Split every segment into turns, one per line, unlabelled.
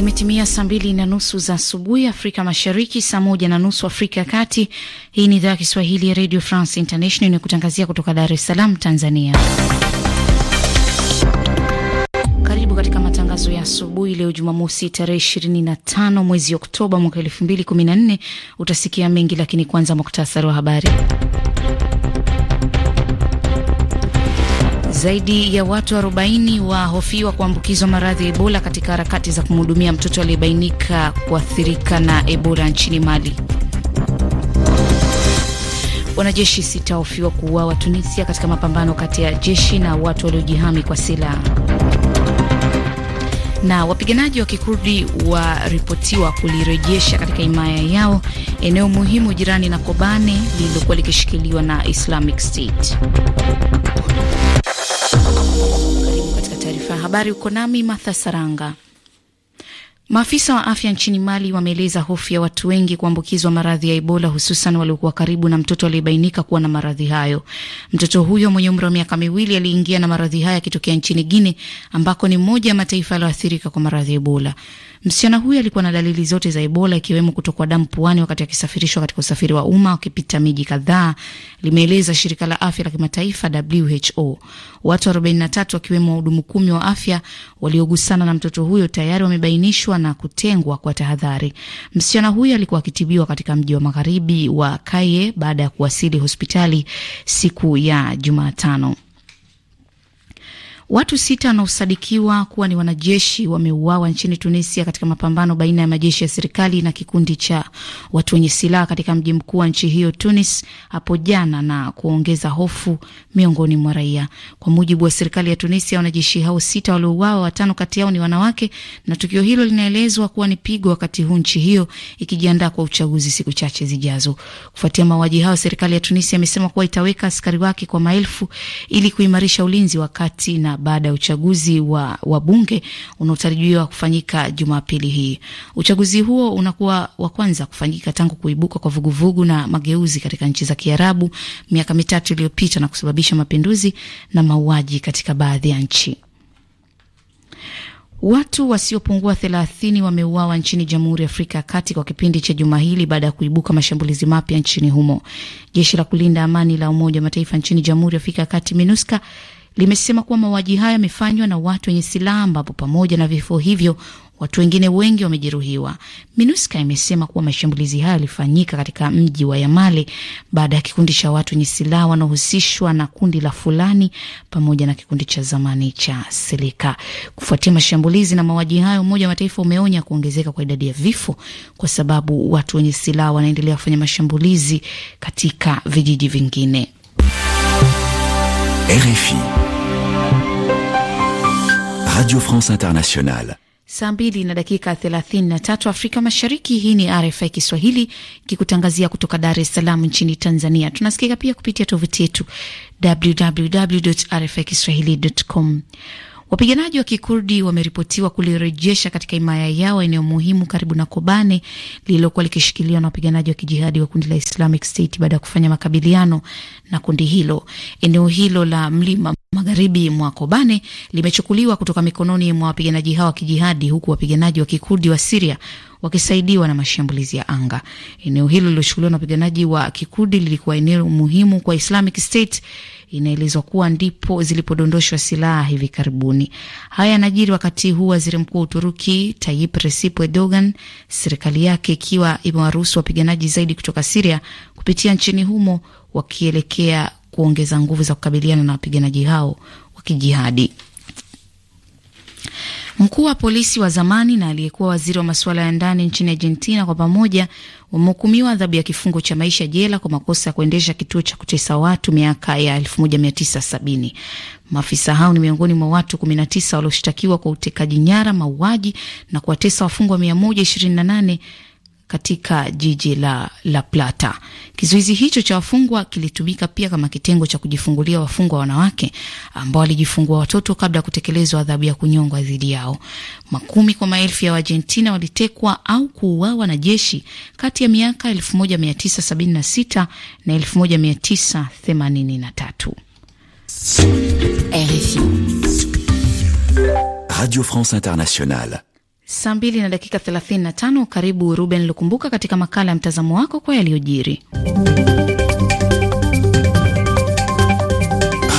Imetimia saa mbili na nusu za asubuhi Afrika Mashariki, saa moja na nusu Afrika ya Kati. Hii ni idhaa ya Kiswahili ya Radio France International inayokutangazia kutoka Dar es Salaam, Tanzania. Karibu katika matangazo ya asubuhi leo Jumamosi, tarehe 25 mwezi Oktoba mwaka 2014. Utasikia mengi, lakini kwanza muktasari wa habari. Zaidi ya watu 40 wahofiwa kuambukizwa maradhi ya Ebola katika harakati za kumhudumia mtoto aliyebainika kuathirika na Ebola nchini Mali. Wanajeshi sita hofiwa kuuawa Tunisia katika mapambano kati ya jeshi na watu waliojihami kwa silaha. Na wapiganaji wa Kikurdi waripotiwa kulirejesha katika himaya yao eneo muhimu jirani na Kobane lililokuwa likishikiliwa na Islamic State habari uko nami Martha Saranga. Maafisa wa afya nchini Mali wameeleza hofu ya watu wengi kuambukizwa maradhi ya Ebola, hususan waliokuwa karibu na mtoto aliyebainika kuwa na maradhi hayo. Mtoto huyo mwenye umri wa miaka miwili aliingia na maradhi hayo akitokea nchini Guine, ambako ni moja ya mataifa yaliyoathirika kwa maradhi ya Ebola. Msichana huyo alikuwa na dalili zote za Ebola, ikiwemo kutokwa damu puani wakati akisafirishwa katika usafiri wa umma wakipita miji kadhaa, limeeleza shirika la afya la kimataifa WHO. Watu 43 wakiwemo wahudumu kumi wa afya waliogusana na mtoto huyo tayari wamebainishwa na kutengwa kwa tahadhari. Msichana huyo alikuwa akitibiwa katika mji wa magharibi wa Kaye baada ya kuwasili hospitali siku ya Jumatano. Watu sita wanaosadikiwa kuwa ni wanajeshi wameuawa nchini Tunisia katika mapambano baina ya majeshi ya serikali na kikundi cha watu wenye silaha katika mji mkuu wa nchi hiyo Tunis hapo jana, na kuongeza hofu miongoni mwa raia. Kwa mujibu wa serikali ya Tunisia, wanajeshi hao sita waliouawa, watano kati yao ni wanawake, na tukio hilo linaelezwa kuwa ni pigo wakati huu nchi hiyo ikijiandaa kwa uchaguzi siku chache zijazo. Kufuatia mauaji hayo, serikali ya Tunisia imesema kuwa itaweka askari wake kwa maelfu ili kuimarisha ulinzi wakati na baada ya uchaguzi wa, wa bunge unaotarajiwa kufanyika Jumapili hii. Uchaguzi huo unakuwa wa kwanza kufanyika tangu kuibuka kwa vuguvugu na mageuzi katika nchi za Kiarabu miaka mitatu iliyopita na kusababisha mapinduzi na mauaji katika baadhi ya nchi. Watu wasiopungua thelathini wameuawa nchini Jamhuri ya Afrika ya Kati kwa kipindi cha juma hili baada ya kuibuka mashambulizi mapya nchini humo. Jeshi la kulinda amani la Umoja wa Mataifa nchini Jamhuri ya Afrika ya Kati, MINUSCA, limesema kuwa mauaji hayo yamefanywa na watu wenye silaha, ambapo pamoja na vifo hivyo watu wengine wengi wamejeruhiwa. MINUSKA imesema kuwa mashambulizi hayo yalifanyika katika mji wa Yamale baada ya kikundi cha watu wenye silaha wanaohusishwa na kundi la Fulani pamoja na kikundi cha zamani cha Silika. Kufuatia mashambulizi na mauaji hayo, Umoja wa Mataifa umeonya kuongezeka kwa idadi ya vifo kwa sababu watu wenye silaha wanaendelea kufanya mashambulizi katika vijiji vingine.
RFI Radio France Internationale.
Saa mbili na dakika 33 Afrika Mashariki. Hii ni RFI Kiswahili ikikutangazia kutoka Dar es Salaam nchini Tanzania. Tunasikika pia kupitia tovuti yetu www.rfikiswahili.com. Wapiganaji wa kikurdi wameripotiwa kulirejesha katika himaya yao eneo muhimu karibu na Kobane lililokuwa likishikiliwa na wapiganaji wa kijihadi wa kundi la Islamic State baada ya kufanya makabiliano na kundi hilo. Eneo hilo la mlima magharibi mwa Kobane limechukuliwa kutoka mikononi mwa wapiganaji hao wa kijihadi, huku wapiganaji wa kikurdi wa Siria wakisaidiwa na mashambulizi ya anga. Eneo hilo lililochukuliwa na wapiganaji wa kikurdi lilikuwa eneo muhimu kwa Islamic State Inaelezwa kuwa ndipo zilipodondoshwa silaha hivi karibuni. Haya yanajiri wakati huu waziri mkuu wa Uturuki Tayyip Recep Erdogan, serikali yake ikiwa imewaruhusu wapiganaji zaidi kutoka Siria kupitia nchini humo, wakielekea kuongeza nguvu za kukabiliana na wapiganaji hao wa kijihadi. Mkuu wa polisi wa zamani na aliyekuwa waziri wa masuala ya ndani nchini Argentina kwa pamoja wamehukumiwa adhabu ya kifungo cha maisha jela kwa makosa ya kuendesha kituo cha kutesa watu miaka ya 1970. Maafisa hao ni miongoni mwa watu 19 walioshtakiwa kwa utekaji nyara, mauaji na kuwatesa wafungwa 128 katika jiji la La Plata. Kizuizi hicho cha wafungwa kilitumika pia kama kitengo cha kujifungulia wafungwa wanawake ambao walijifungua watoto kabla ya kutekelezwa adhabu ya kunyongwa dhidi yao. Makumi kwa maelfu ya Waargentina walitekwa au kuuawa na jeshi kati ya miaka 1976 na 1983.
RFI Radio France Internationale.
Saa mbili na dakika 35. Karibu Ruben Lukumbuka katika makala ya mtazamo wako kwa yaliyojiri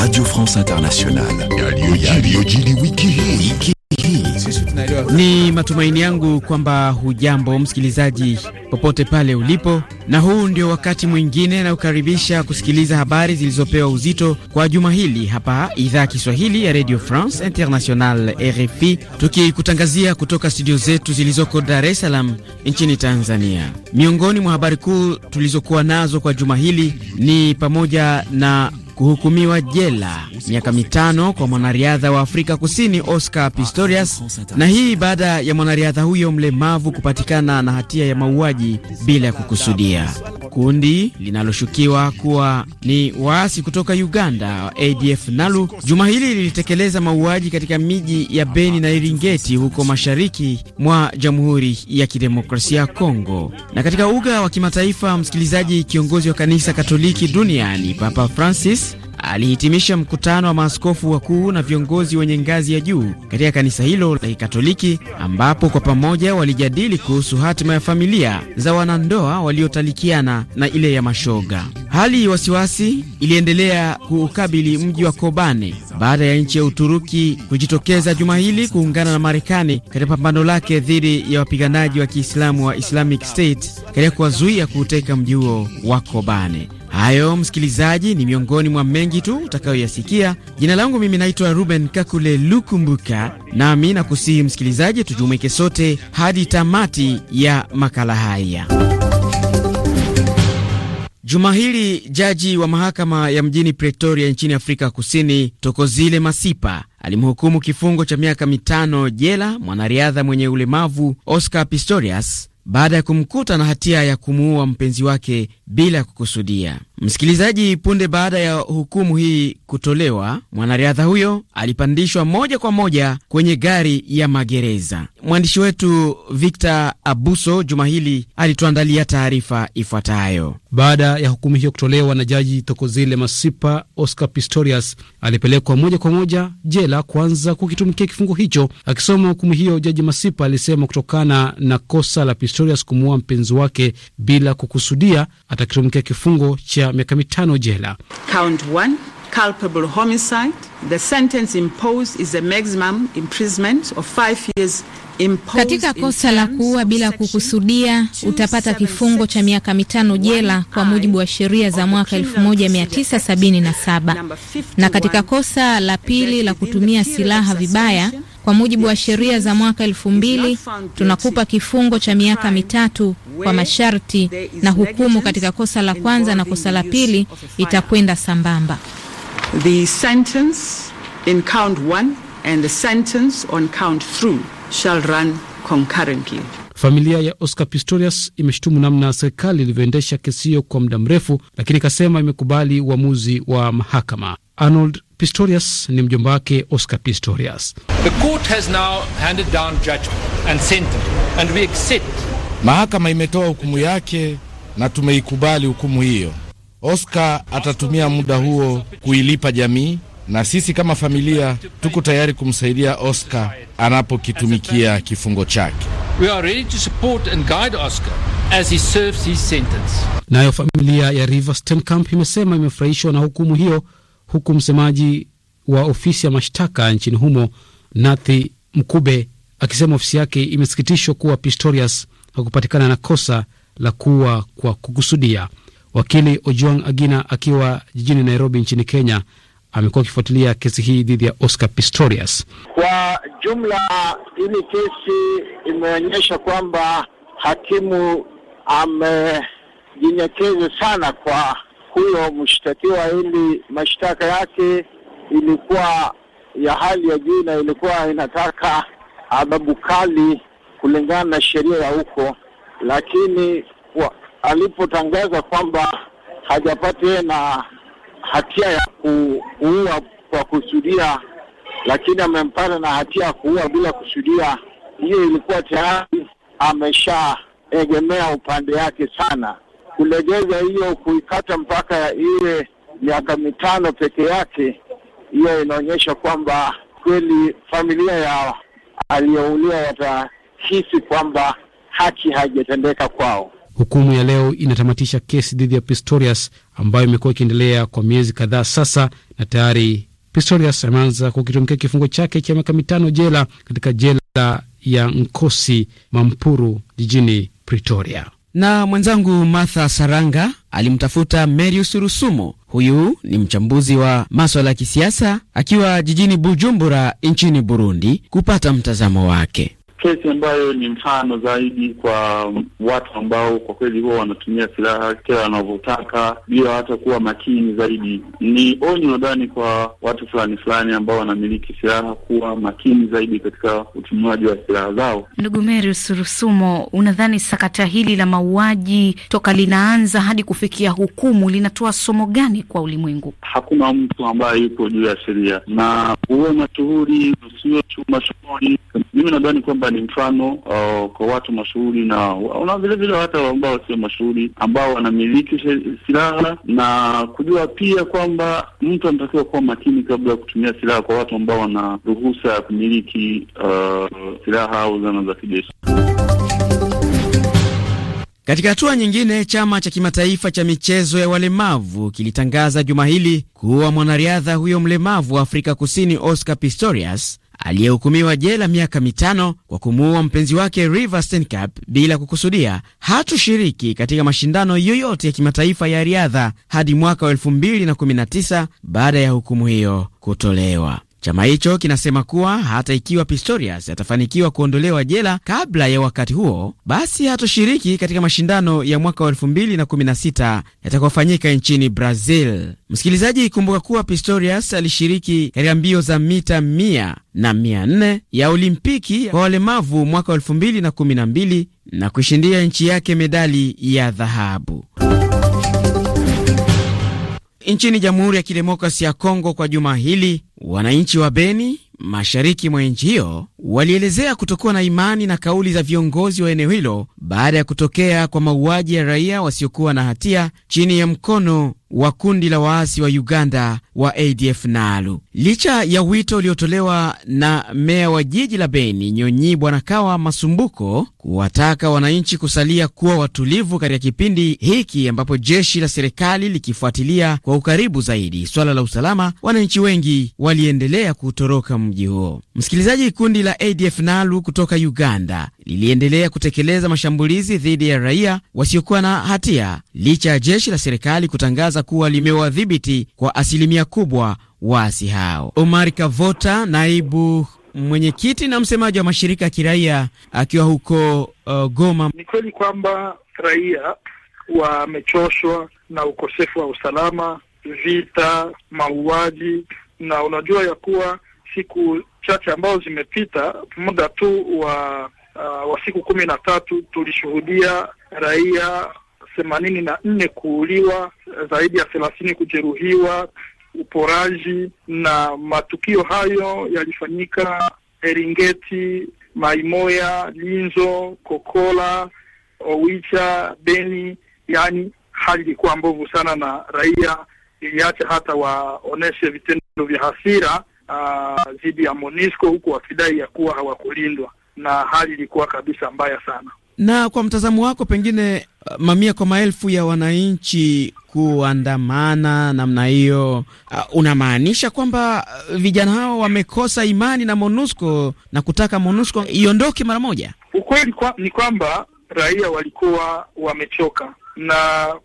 Radio France Internationale, yaliyojiri wiki hii.
Ni matumaini yangu kwamba hujambo msikilizaji, popote pale ulipo, na huu ndio wakati mwingine na kukaribisha kusikiliza habari zilizopewa uzito kwa juma hili hapa idhaa Kiswahili ya Radio France International RFI, tukikutangazia kutoka studio zetu zilizoko Dar es Salaam nchini Tanzania. Miongoni mwa habari kuu tulizokuwa nazo kwa juma hili ni pamoja na kuhukumiwa jela miaka mitano kwa mwanariadha wa Afrika Kusini Oscar Pistorius, na hii baada ya mwanariadha huyo mlemavu kupatikana na hatia ya mauaji bila ya kukusudia. Kundi linaloshukiwa kuwa ni waasi kutoka Uganda wa ADF NALU juma hili lilitekeleza mauaji katika miji ya Beni na Iringeti huko mashariki mwa Jamhuri ya Kidemokrasia ya Kongo. Na katika uga wa kimataifa, msikilizaji, kiongozi wa kanisa Katoliki duniani Papa Francis alihitimisha mkutano wa maaskofu wakuu na viongozi wenye ngazi ya juu katika kanisa hilo la Kikatoliki, ambapo kwa pamoja walijadili kuhusu hatima ya familia za wanandoa waliotalikiana na ile ya mashoga. Hali wasiwasi iliendelea kuukabili mji wa Kobane baada ya nchi ya Uturuki kujitokeza juma hili kuungana na Marekani katika pambano lake dhidi ya wapiganaji wa Kiislamu wa Islamic State katika kuwazuia kuuteka mji huo wa Kobane. Hayo msikilizaji, ni miongoni mwa mengi tu utakayoyasikia. Jina langu mimi naitwa Ruben Kakule Lukumbuka, nami na kusihi msikilizaji, tujumuike sote hadi tamati ya makala haya. Juma hili jaji wa mahakama ya mjini Pretoria nchini Afrika Kusini, tokozile Masipa alimhukumu kifungo cha miaka mitano jela mwanariadha mwenye ulemavu Oscar Pistorius baada ya kumkuta na hatia ya kumuua mpenzi wake bila kukusudia. Msikilizaji, punde baada ya hukumu hii kutolewa, mwanariadha huyo alipandishwa moja kwa moja kwenye gari ya magereza. Mwandishi wetu Victor Abuso juma hili alituandalia taarifa ifuatayo. Baada ya hukumu hiyo kutolewa na jaji
tokozile Masipa, Oscar Pistorius alipelekwa moja kwa moja jela kuanza kukitumikia kifungo hicho. Akisoma hukumu hiyo, jaji Masipa alisema kutokana na kosa la Pistorius kumuua mpenzi wake bila kukusudia atatumikia kifungo cha miaka mitano jela. Count one, culpable homicide. The sentence imposed is a maximum imprisonment of five years. Katika kosa
la kuua bila kukusudia utapata kifungo cha miaka mitano jela kwa mujibu wa sheria za mwaka 1977, na katika kosa la pili la kutumia silaha vibaya kwa mujibu wa sheria za mwaka elfu mbili tunakupa kifungo cha miaka mitatu kwa masharti, na hukumu katika kosa la kwanza na kosa la pili itakwenda sambamba.
The sentence in count one and the sentence on count three shall run concurrently. Familia ya Oscar Pistorius imeshutumu namna serikali ilivyoendesha kesi hiyo kwa muda mrefu, lakini ikasema imekubali uamuzi wa mahakama. Arnold Pistorius ni mjomba wake Oscar Pistorius. The court has now handed down judgment and sentence and we accept. Mahakama imetoa hukumu yake na tumeikubali hukumu hiyo. Oscar atatumia muda huo kuilipa jamii na sisi kama familia tuko tayari kumsaidia Oscar anapokitumikia kifungo chake. We are ready to support and guide Oscar as he serves his sentence. Nayo familia ya Reeva Steenkamp imesema imefurahishwa na hukumu hiyo huku msemaji wa ofisi ya mashtaka nchini humo Nathi Mkube akisema ofisi yake imesikitishwa kuwa Pistorius hakupatikana na kosa la kuwa kwa kukusudia. Wakili Ojuang Agina akiwa jijini Nairobi nchini Kenya amekuwa akifuatilia kesi hii dhidi ya Oscar Pistorius.
Kwa jumla, hili kesi imeonyesha kwamba hakimu amejinyekeza sana kwa huyo mshtakiwa, ili mashtaka yake ilikuwa ya hali ya juu na ilikuwa inataka adhabu kali kulingana na sheria ya huko, lakini alipotangaza kwamba hajapata na hatia ya kuua kwa kusudia, lakini amempata na hatia ya kuua bila kusudia, hiyo ilikuwa tayari ameshaegemea upande yake sana kulegeza hiyo, kuikata mpaka iwe miaka mitano peke yake, hiyo inaonyesha kwamba kweli familia ya aliyouliwa watahisi kwamba haki haijatendeka
kwao. Hukumu ya leo inatamatisha kesi dhidi ya Pistorius ambayo imekuwa ikiendelea kwa miezi kadhaa sasa, na tayari Pistorius ameanza kukitumikia kifungo chake cha miaka mitano jela katika jela ya Nkosi Mampuru jijini Pretoria
na mwenzangu Martha Saranga alimtafuta Merius Rusumo. Huyu ni mchambuzi wa maswala ya kisiasa akiwa jijini Bujumbura nchini Burundi, kupata mtazamo wake
kesi ambayo ni mfano zaidi kwa watu ambao kwa kweli huwa wanatumia silaha kila wanavyotaka bila hata kuwa makini zaidi. Ni onyo nadhani kwa watu fulani fulani ambao wanamiliki silaha kuwa makini zaidi katika utumiaji wa silaha zao.
Ndugu Merius Rusumo, unadhani sakata hili la mauaji toka linaanza hadi kufikia hukumu linatoa somo gani kwa ulimwengu?
Hakuna mtu ambaye yupo juu ya sheria, na uwe mashuhuri usiwe mashuhuri, mimi nadhani kwamba ni mfano uh, kwa watu mashuhuri na una vile vile hata ambao sio mashuhuri ambao wanamiliki silaha na kujua pia kwamba mtu anatakiwa kuwa makini kabla ya kutumia silaha kwa watu ambao wana ruhusa ya kumiliki uh, silaha au zana za kijeshi.
Katika hatua nyingine, chama cha kimataifa cha michezo ya walemavu kilitangaza juma hili kuwa mwanariadha huyo mlemavu wa Afrika Kusini Oscar Pistorius aliyehukumiwa jela miaka mitano kwa kumuua mpenzi wake river stencap bila kukusudia, hatushiriki katika mashindano yoyote ya kimataifa ya riadha hadi mwaka wa 2019 baada ya hukumu hiyo kutolewa. Chama hicho kinasema kuwa hata ikiwa Pistorius atafanikiwa kuondolewa jela kabla ya wakati huo, basi hatoshiriki katika mashindano ya mwaka wa 2016 yatakayofanyika nchini Brazil. Msikilizaji, kumbuka kuwa Pistorius alishiriki katika mbio za mita 100 na 400 ya Olimpiki kwa walemavu mwaka wa 2012 na kuishindia nchi yake medali ya dhahabu. Nchini Jamhuri ya kidemokrasi ya Kongo kwa juma hili, wananchi wa Beni, mashariki mwa nchi hiyo, walielezea kutokuwa na imani na kauli za viongozi wa eneo hilo baada ya kutokea kwa mauaji ya raia wasiokuwa na hatia chini ya mkono wa kundi la waasi wa Uganda wa ADF NALU. Licha ya wito uliotolewa na meya wa jiji la Beni Nyonyi Bwana Kawa Masumbuko kuwataka wananchi kusalia kuwa watulivu katika kipindi hiki ambapo jeshi la serikali likifuatilia kwa ukaribu zaidi swala la usalama, wananchi wengi waliendelea kutoroka mji huo. Msikilizaji, kundi la la ADF NALU kutoka Uganda liliendelea kutekeleza mashambulizi dhidi ya raia wasiokuwa na hatia licha ya jeshi la serikali kutangaza kuwa limewadhibiti kwa asilimia kubwa waasi hao. Omar Kavota, naibu mwenyekiti na msemaji wa mashirika ya kiraia akiwa huko uh, Goma. Ni kweli
kwamba raia wamechoshwa na ukosefu wa usalama, vita, mauaji, na unajua ya kuwa siku chache ambazo zimepita, muda tu wa uh, wa siku kumi na tatu tulishuhudia raia themanini na nne kuuliwa, zaidi ya thelathini kujeruhiwa, uporaji na matukio hayo yalifanyika Eringeti, Maimoya, Linzo, Kokola, Owicha, Beni. Yaani hali ilikuwa mbovu sana, na raia iliacha hata waoneshe vitendo vya hasira Uh, dhidi ya Monisco huku wakidai ya kuwa hawakulindwa na hali ilikuwa kabisa mbaya sana.
Na kwa mtazamo wako, pengine uh, mamia kwa maelfu ya wananchi kuandamana namna hiyo, uh, unamaanisha kwamba uh, vijana hao wamekosa imani na MONUSCO na kutaka MONUSCO iondoke mara moja? Ukweli kwa, ni kwamba
raia walikuwa wamechoka na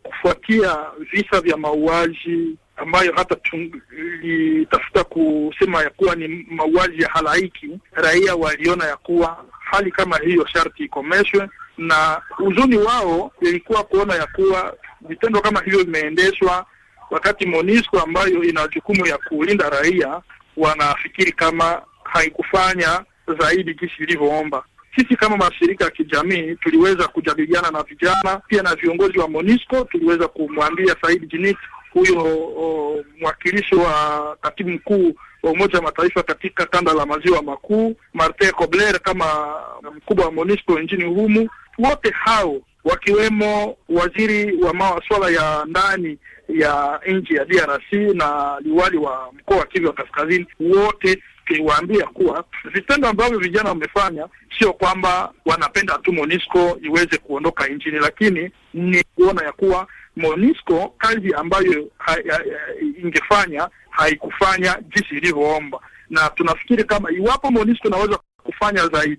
kufuatia visa vya mauaji ambayo hata tulitafuta kusema ya kuwa ni mauaji ya halaiki. Raia waliona ya kuwa hali kama hiyo sharti ikomeshwe, na huzuni wao ilikuwa kuona ya kuwa vitendo kama hivyo vimeendeshwa wakati MONUSCO ambayo ina jukumu ya kulinda raia, wanafikiri kama haikufanya zaidi jinsi ilivyoomba. Sisi kama mashirika ya kijamii tuliweza kujadiliana na vijana pia na viongozi wa MONUSCO, tuliweza kumwambia Said Jinit huyo mwakilishi wa katibu mkuu wa Umoja wa Mataifa katika kanda la maziwa makuu Martin Kobler kama mkubwa wa MONUSCO nchini humu, wote hao wakiwemo waziri wa masuala ya ndani ya nchi ya DRC na liwali wa mkoa wa Kivu wa Kaskazini, wote kiwaambia kuwa vitendo ambavyo vijana wamefanya sio kwamba wanapenda tu MONUSCO iweze kuondoka nchini, lakini ni kuona ya kuwa MONUSCO kazi ambayo ha, ha, ingefanya haikufanya jinsi ilivyoomba, na tunafikiri kama iwapo MONUSCO inaweza kufanya zaidi,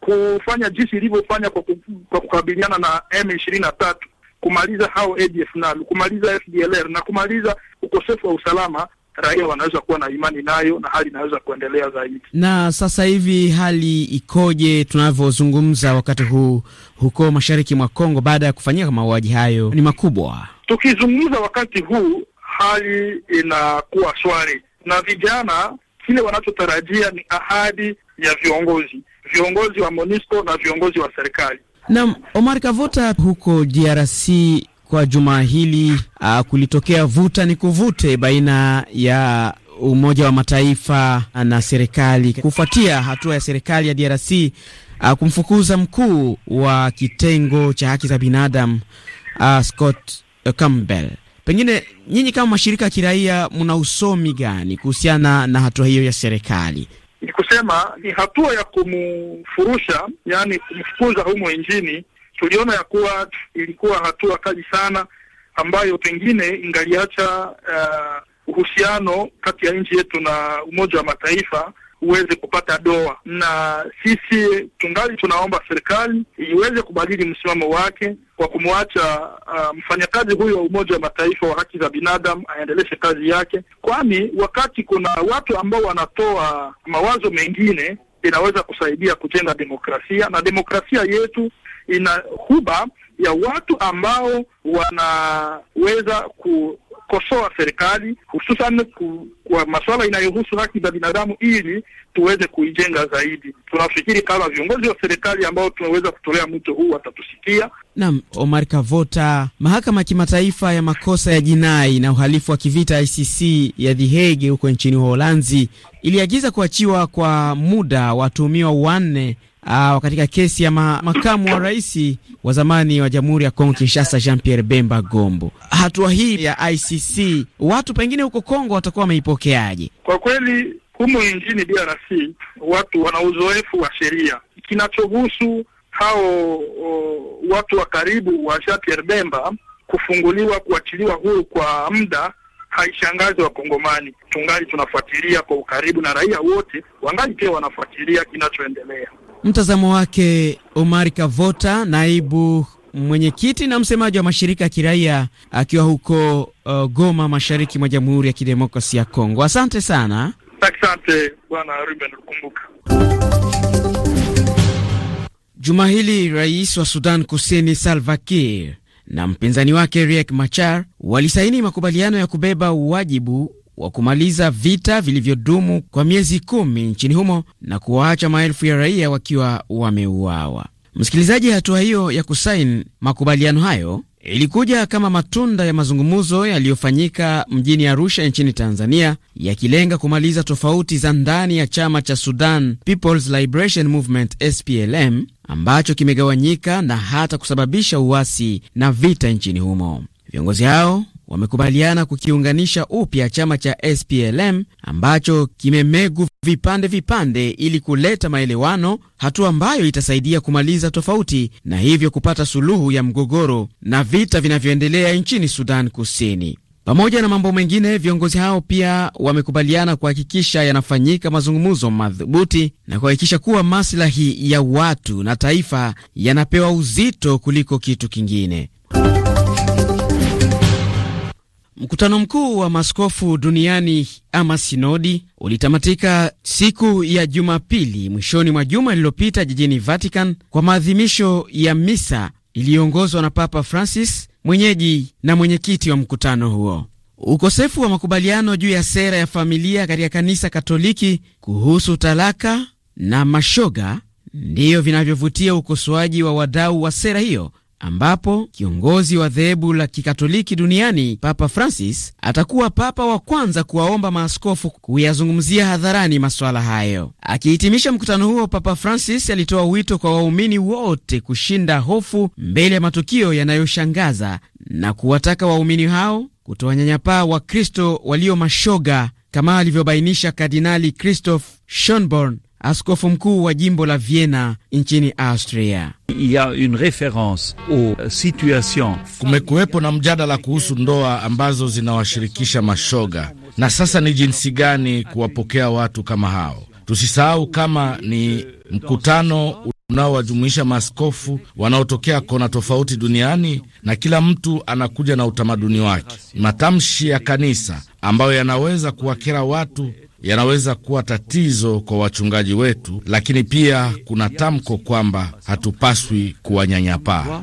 kufanya jinsi ilivyofanya kwa, kwa kukabiliana na M23, kumaliza hao ADF nalo, kumaliza FDLR na kumaliza ukosefu wa usalama raia wanaweza kuwa na imani nayo na hali inaweza kuendelea zaidi.
Na sasa hivi hali ikoje tunavyozungumza wakati huu huko mashariki mwa Kongo baada ya kufanyika mauaji hayo ni makubwa?
Tukizungumza wakati huu hali inakuwa swali, na vijana kile wanachotarajia ni ahadi ya viongozi, viongozi wa MONUSCO na viongozi wa serikali.
Naam, Omar Kavota, huko DRC kwa juma hili uh, kulitokea vuta ni kuvute baina ya Umoja wa Mataifa na serikali kufuatia hatua ya serikali ya DRC uh, ah, kumfukuza mkuu wa kitengo cha haki za binadamu uh, Scott Campbell. Pengine nyinyi kama mashirika ya kiraia mna usomi gani kuhusiana na hatua hiyo ya serikali?
Ni kusema ni hatua ya kumfurusha, yani kumfukuza humo injini, tuliona ya kuwa ilikuwa hatua kali sana ambayo pengine ingaliacha uh, uhusiano kati ya nchi yetu na Umoja wa Mataifa uweze kupata doa, na sisi tungali tunaomba serikali iweze kubadili msimamo wake kwa kumwacha uh, mfanyakazi huyu wa Umoja wa Mataifa wa haki za binadamu aendeleshe kazi yake, kwani wakati kuna watu ambao wanatoa mawazo mengine inaweza kusaidia kujenga demokrasia na demokrasia yetu ina huba ya watu ambao wanaweza kukosoa serikali hususan kwa masuala inayohusu haki za binadamu ili tuweze kuijenga zaidi. Tunafikiri kama viongozi wa serikali ambao tunaweza kutolea mwito huu
watatusikia. Naam, Omar Kavota. Mahakama ya Kimataifa ya Makosa ya Jinai na Uhalifu wa Kivita ICC ya The Hague huko nchini Uholanzi iliagiza kuachiwa kwa muda watuhumiwa wanne Aa, ah, katika kesi ya ma, makamu wa rais wa zamani wa Jamhuri ya Kongo Kinshasa Jean Pierre Bemba Gombo. Hatua hii ya ICC watu pengine huko Kongo watakuwa wameipokeaje?
Kwa kweli humu nchini DRC watu wana uzoefu wa sheria. Kinachohusu hao o, watu wa karibu wa Jean Pierre Bemba kufunguliwa, kuachiliwa huru kwa muda haishangazi Wakongomani. Tungali tunafuatilia kwa ukaribu, na raia wote wangali pia wanafuatilia kinachoendelea.
Mtazamo wake Omar Kavota, naibu mwenyekiti na msemaji wa mashirika ya kiraia akiwa huko uh, Goma, mashariki mwa Jamhuri ya Kidemokrasia ya Kongo. Asante sana.
Asante bwana Ruben Lukumbuka.
Juma hili rais wa Sudan Kusini Salva Kiir na mpinzani wake Riek Machar walisaini makubaliano ya kubeba wajibu wa kumaliza vita vilivyodumu kwa miezi kumi nchini humo na kuwaacha maelfu ya raia wakiwa wameuawa. Msikilizaji, hatua hiyo ya kusaini makubaliano hayo ilikuja kama matunda ya mazungumzo yaliyofanyika mjini Arusha nchini Tanzania, yakilenga kumaliza tofauti za ndani ya chama cha Sudan People's Liberation Movement SPLM ambacho kimegawanyika na hata kusababisha uasi na vita nchini humo. Viongozi hao wamekubaliana kukiunganisha upya chama cha SPLM ambacho kimemegu vipande vipande ili kuleta maelewano, hatua ambayo itasaidia kumaliza tofauti na hivyo kupata suluhu ya mgogoro na vita vinavyoendelea nchini Sudan Kusini. Pamoja na mambo mengine, viongozi hao pia wamekubaliana kuhakikisha yanafanyika mazungumzo madhubuti na kuhakikisha kuwa maslahi ya watu na taifa yanapewa uzito kuliko kitu kingine. Mkutano mkuu wa maskofu duniani ama sinodi ulitamatika siku ya Jumapili mwishoni mwa juma lililopita jijini Vatican kwa maadhimisho ya misa iliyoongozwa na Papa Francis, mwenyeji na mwenyekiti wa mkutano huo. Ukosefu wa makubaliano juu ya sera ya familia katika kanisa Katoliki kuhusu talaka na mashoga ndiyo vinavyovutia ukosoaji wa wadau wa sera hiyo ambapo kiongozi wa dhehebu la kikatoliki duniani Papa Francis atakuwa papa wa kwanza kuwaomba maaskofu kuyazungumzia hadharani masuala hayo. Akihitimisha mkutano huo, Papa Francis alitoa wito kwa waumini wote kushinda hofu mbele ya matukio yanayoshangaza na kuwataka waumini hao kutowanyanyapaa Wakristo walio mashoga kama alivyobainisha Kardinali Christoph Schonborn askofu mkuu wa jimbo la Vienna nchini Austria. Kumekuwepo na mjadala kuhusu ndoa ambazo zinawashirikisha mashoga,
na sasa ni jinsi gani kuwapokea watu kama hao. Tusisahau kama ni mkutano unaowajumuisha maaskofu wanaotokea kona tofauti duniani na kila mtu anakuja na utamaduni wake. Matamshi ya kanisa ambayo yanaweza kuwakera watu yanaweza kuwa tatizo kwa wachungaji wetu, lakini pia kuna tamko kwamba hatupaswi kuwanyanyapaa.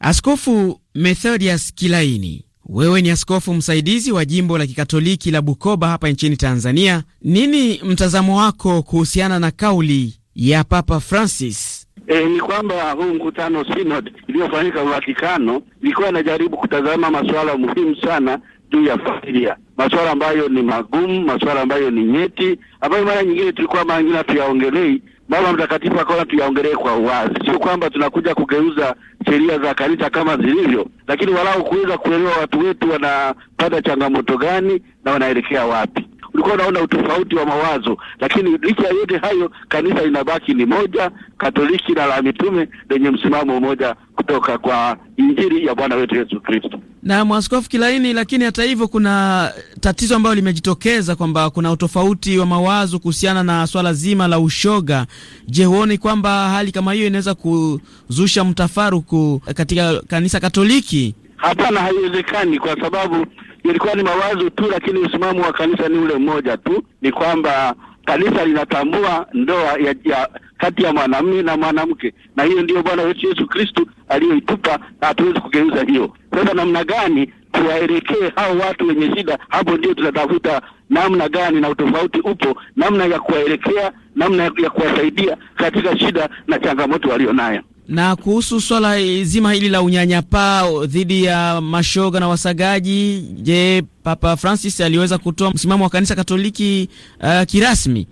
Askofu Methodius Kilaini, wewe ni askofu msaidizi wa jimbo la kikatoliki la Bukoba hapa nchini Tanzania. Nini mtazamo wako kuhusiana na kauli ya Papa Francis?
E, ni kwamba huu mkutano synod iliyofanyika Vatikano ilikuwa inajaribu kutazama masuala muhimu sana juu ya familia masuala ambayo ni magumu, masuala ambayo ni nyeti, ambayo mara nyingine tulikuwa mara nyingine hatuyaongelei. Baba Mtakatifu akaona tuyaongelee kwa uwazi, sio kwamba tunakuja kugeuza sheria za kanisa kama zilivyo, lakini walau kuweza kuelewa watu wetu wanapata changamoto gani na wanaelekea wapi. Ulikuwa unaona utofauti wa mawazo, lakini licha ya yote hayo, kanisa linabaki ni moja, Katoliki na la mitume lenye msimamo mmoja kutoka kwa Injili ya Bwana wetu Yesu Kristo
na mwaskofu Kilaini. Lakini hata hivyo, kuna tatizo ambalo limejitokeza kwamba kuna utofauti wa mawazo kuhusiana na swala zima la ushoga. Je, huoni kwamba hali kama hiyo inaweza kuzusha mtafaruku katika kanisa Katoliki?
Hapana, haiwezekani kwa sababu ilikuwa ni mawazo tu, lakini msimamo wa kanisa ni ule mmoja tu, ni kwamba kanisa linatambua ndoa ya, ya kati ya mwanamume na mwanamke, na hiyo ndiyo Bwana wetu Yesu Kristu aliyoitupa, na hatuwezi kugeuza hiyo. Sasa namna gani tuwaelekee hao watu wenye shida? Hapo ndio tunatafuta namna gani, na utofauti upo namna ya kuwaelekea, namna ya kuwasaidia katika shida na changamoto walionayo.
Na kuhusu swala zima hili la unyanyapaa dhidi ya mashoga na wasagaji, je, Papa Francis aliweza kutoa msimamo wa kanisa Katoliki uh, kirasmi?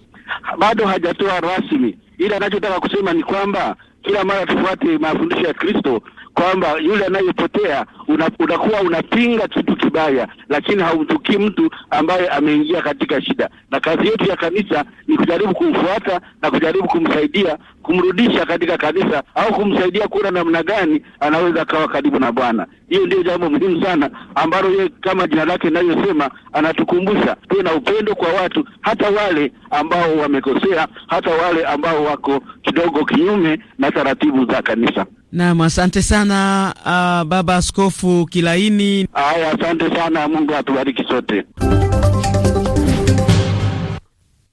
Bado hajatoa rasmi, ila anachotaka kusema ni kwamba kila mara tufuate mafundisho ya Kristo kwamba yule anayepotea una, unakuwa unapinga kitu kibaya, lakini haumtukii mtu ambaye ameingia katika shida, na kazi yetu ya kanisa ni kujaribu kumfuata na kujaribu kumsaidia kumrudisha katika kanisa au kumsaidia kuona namna gani anaweza akawa karibu na Bwana. Hiyo ndio jambo muhimu sana ambalo yeye kama jina lake linavyosema anatukumbusha tuwe na upendo kwa watu, hata wale ambao wamekosea, hata wale ambao wako kidogo kinyume na taratibu za kanisa.
Naam, asante sana uh, Baba Askofu Kilaini. Haya, asante sana, Mungu
atubariki sote.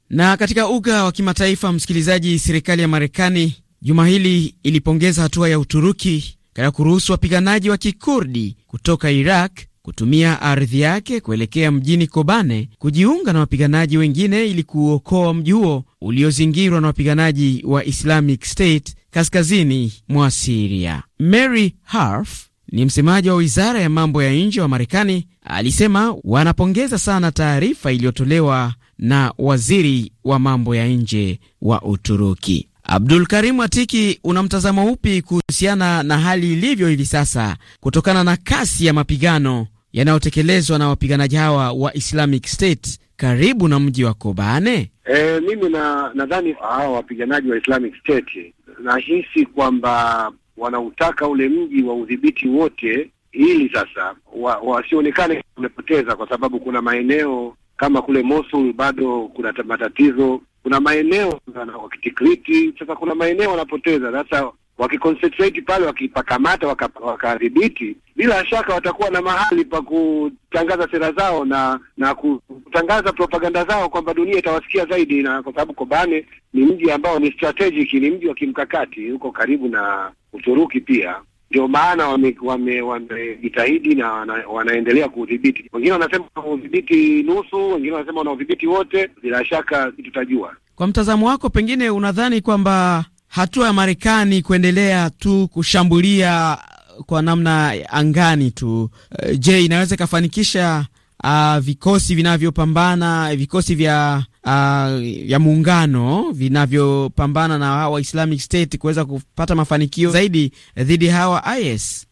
Na katika uga wa kimataifa, msikilizaji, serikali ya Marekani juma hili ilipongeza hatua ya Uturuki katika kuruhusu wapiganaji wa Kikurdi kutoka Iraq kutumia ardhi yake kuelekea mjini Kobane kujiunga na wapiganaji wengine ili kuokoa mji huo uliozingirwa na wapiganaji wa Islamic State kaskazini mwa Siria. Mary Harf ni msemaji wa wizara ya mambo ya nje wa Marekani, alisema wanapongeza sana taarifa iliyotolewa na waziri wa mambo ya nje wa Uturuki. Abdul Karimu Atiki, una mtazamo upi kuhusiana na hali ilivyo hivi sasa kutokana na kasi ya mapigano yanayotekelezwa na wapiganaji hawa wa Islamic State karibu na mji wa Kobane?
E, mimi na nadhani hawa wapiganaji wa Islamic State nahisi kwamba wanautaka ule mji wa udhibiti wote, ili sasa wasionekane wa wamepoteza, kwa sababu kuna maeneo kama kule Mosul bado kuna matatizo, kuna maeneo wakitikriti. sasa, kuna maeneo wanapoteza sasa wakiconcentrate pale, wakipakamata, wakadhibiti, bila shaka watakuwa na mahali pa kutangaza sera zao na na kutangaza propaganda zao kwamba dunia itawasikia zaidi, na kwa sababu Kobane ni mji ambao ni strategic, ni mji wa kimkakati, huko karibu na Uturuki pia ndio maana wamejitahidi wame, wame na wana, wanaendelea kuudhibiti. Wengine wanasema wanaudhibiti nusu, wengine wanasema wanaudhibiti wote. Bila shaka tutajua.
Kwa mtazamo wako, pengine unadhani kwamba hatua ya Marekani kuendelea tu kushambulia kwa namna angani tu, eh, je, inaweza ikafanikisha uh, vikosi vinavyopambana vikosi vya uh, ah, ya muungano vinavyopambana na hawa Islamic State kuweza kupata mafanikio zaidi dhidi hawa IS?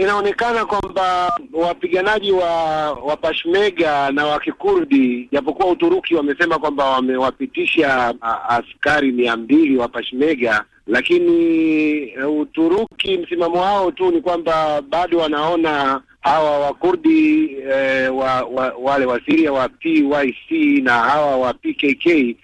inaonekana kwamba wapiganaji wa wa Peshmerga na wa Kikurdi, japokuwa Uturuki wamesema kwamba wamewapitisha askari mia mbili wa Peshmerga, lakini e, Uturuki msimamo wao tu ni kwamba bado wanaona hawa Wakurdi eh, wa, wa, wale wa wa PYC na hawa wa PKK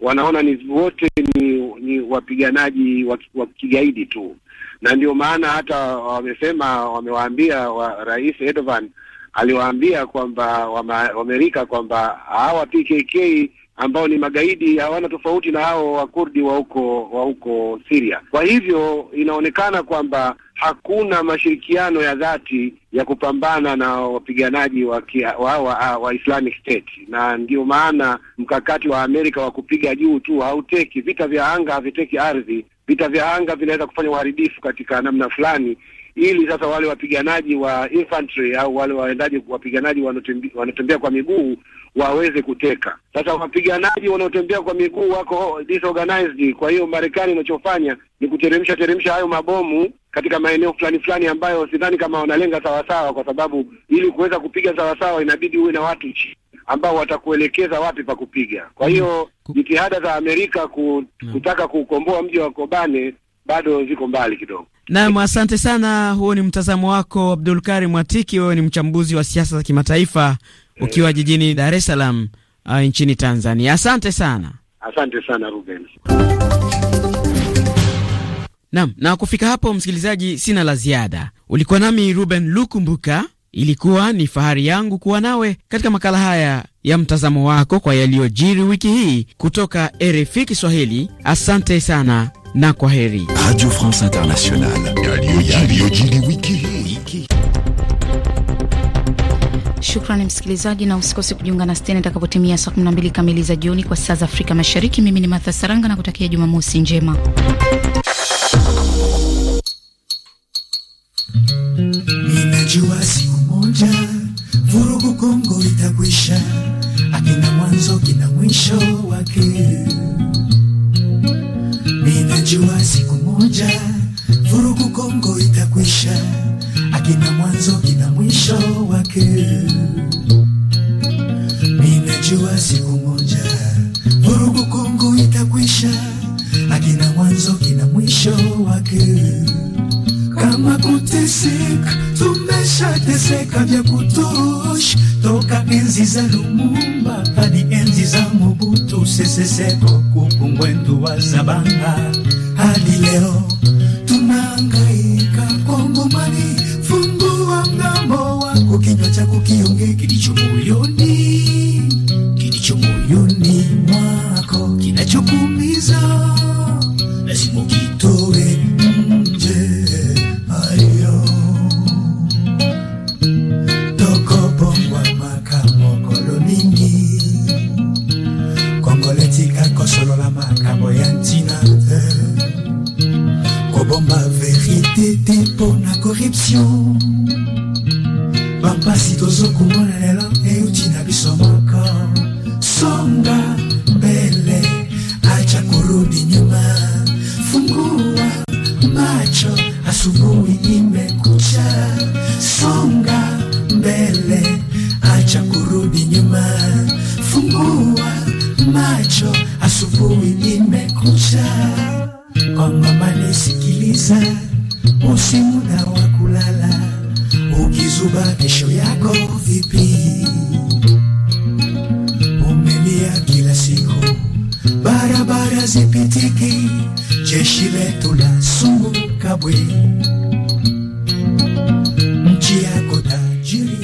wanaona ni wote ni, ni wapiganaji wa kigaidi tu, na ndio maana hata wamesema wamewaambia wa, Rais Erdogan aliwaambia kwamba wa kwamba hawa PKK ambao ni magaidi hawana tofauti na hao Wakurdi wa huko wa huko Syria. Kwa hivyo inaonekana kwamba hakuna mashirikiano ya dhati ya kupambana na wapiganaji wa, wa, wa, wa Islamic State, na ndio maana mkakati wa Amerika wa kupiga juu tu hauteki. Vita vya anga haviteki ardhi. Vita vya anga vinaweza kufanya uharibifu katika namna fulani, ili sasa wale wapiganaji wa infantry au wale waendaji wapiganaji wanotembea kwa miguu waweze kuteka. Sasa wapiganaji wanaotembea kwa miguu wako disorganized. Kwa hiyo Marekani inachofanya ni kuteremsha teremsha hayo mabomu katika maeneo fulani fulani ambayo sidhani kama wanalenga sawasawa, kwa sababu ili kuweza kupiga sawasawa inabidi uwe na watu chini ambao watakuelekeza wapi pa kupiga. Kwa mm. hiyo jitihada za Amerika ku, mm. kutaka kukomboa mji wa Kobane bado ziko mbali kidogo.
Naam, asante sana. Huo ni mtazamo wako Abdul Karim Atiki. Wewe ni mchambuzi wa siasa za kimataifa ukiwa jijini Dar es Salaam uh, nchini Tanzania. Asante sana,
asante sana Ruben.
Naam, na kufika hapo, msikilizaji, sina la ziada. Ulikuwa nami Ruben Lukumbuka. Ilikuwa ni fahari yangu kuwa nawe katika makala haya ya mtazamo wako kwa yaliyojiri wiki hii kutoka RFI Kiswahili. Asante sana na kwa heri. Radio France Internationale,
yaliyojiri wiki hii. Shukrani msikilizaji, na usikose kujiunga na steni itakapotimia saa 12 kamili za jioni kwa saa za Afrika Mashariki. Mimi ni Martha Saranga na kutakia Jumamosi njema.
Ninajua siku moja vurugu Kongo itakwisha, akina mwanzo kina mwisho wake. Ninajua siku moja vurugu Kongo itakwisha kina mwanzo, kina mwisho wake. Ninajua siku moja vurugu kungu itakwisha, akina mwanzo, kina mwisho wake. Kama kuteseka tumeshateseka vya kutosha, toka enzi za Lumumba hadi enzi za Mobutu Sese Seko kukungwendu wa Zabanga hadi leo passion. Zimbabwe,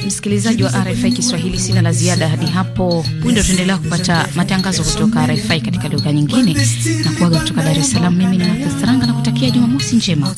Msikilizaji wa RFI Kiswahili, sina la ziada hadi hapo punde. Tutaendelea kupata matangazo kutoka RFI katika lugha nyingine na kuaga kutoka Dar es Salaam. Mimi ni Martha Saranga na kutakia Jumamosi njema.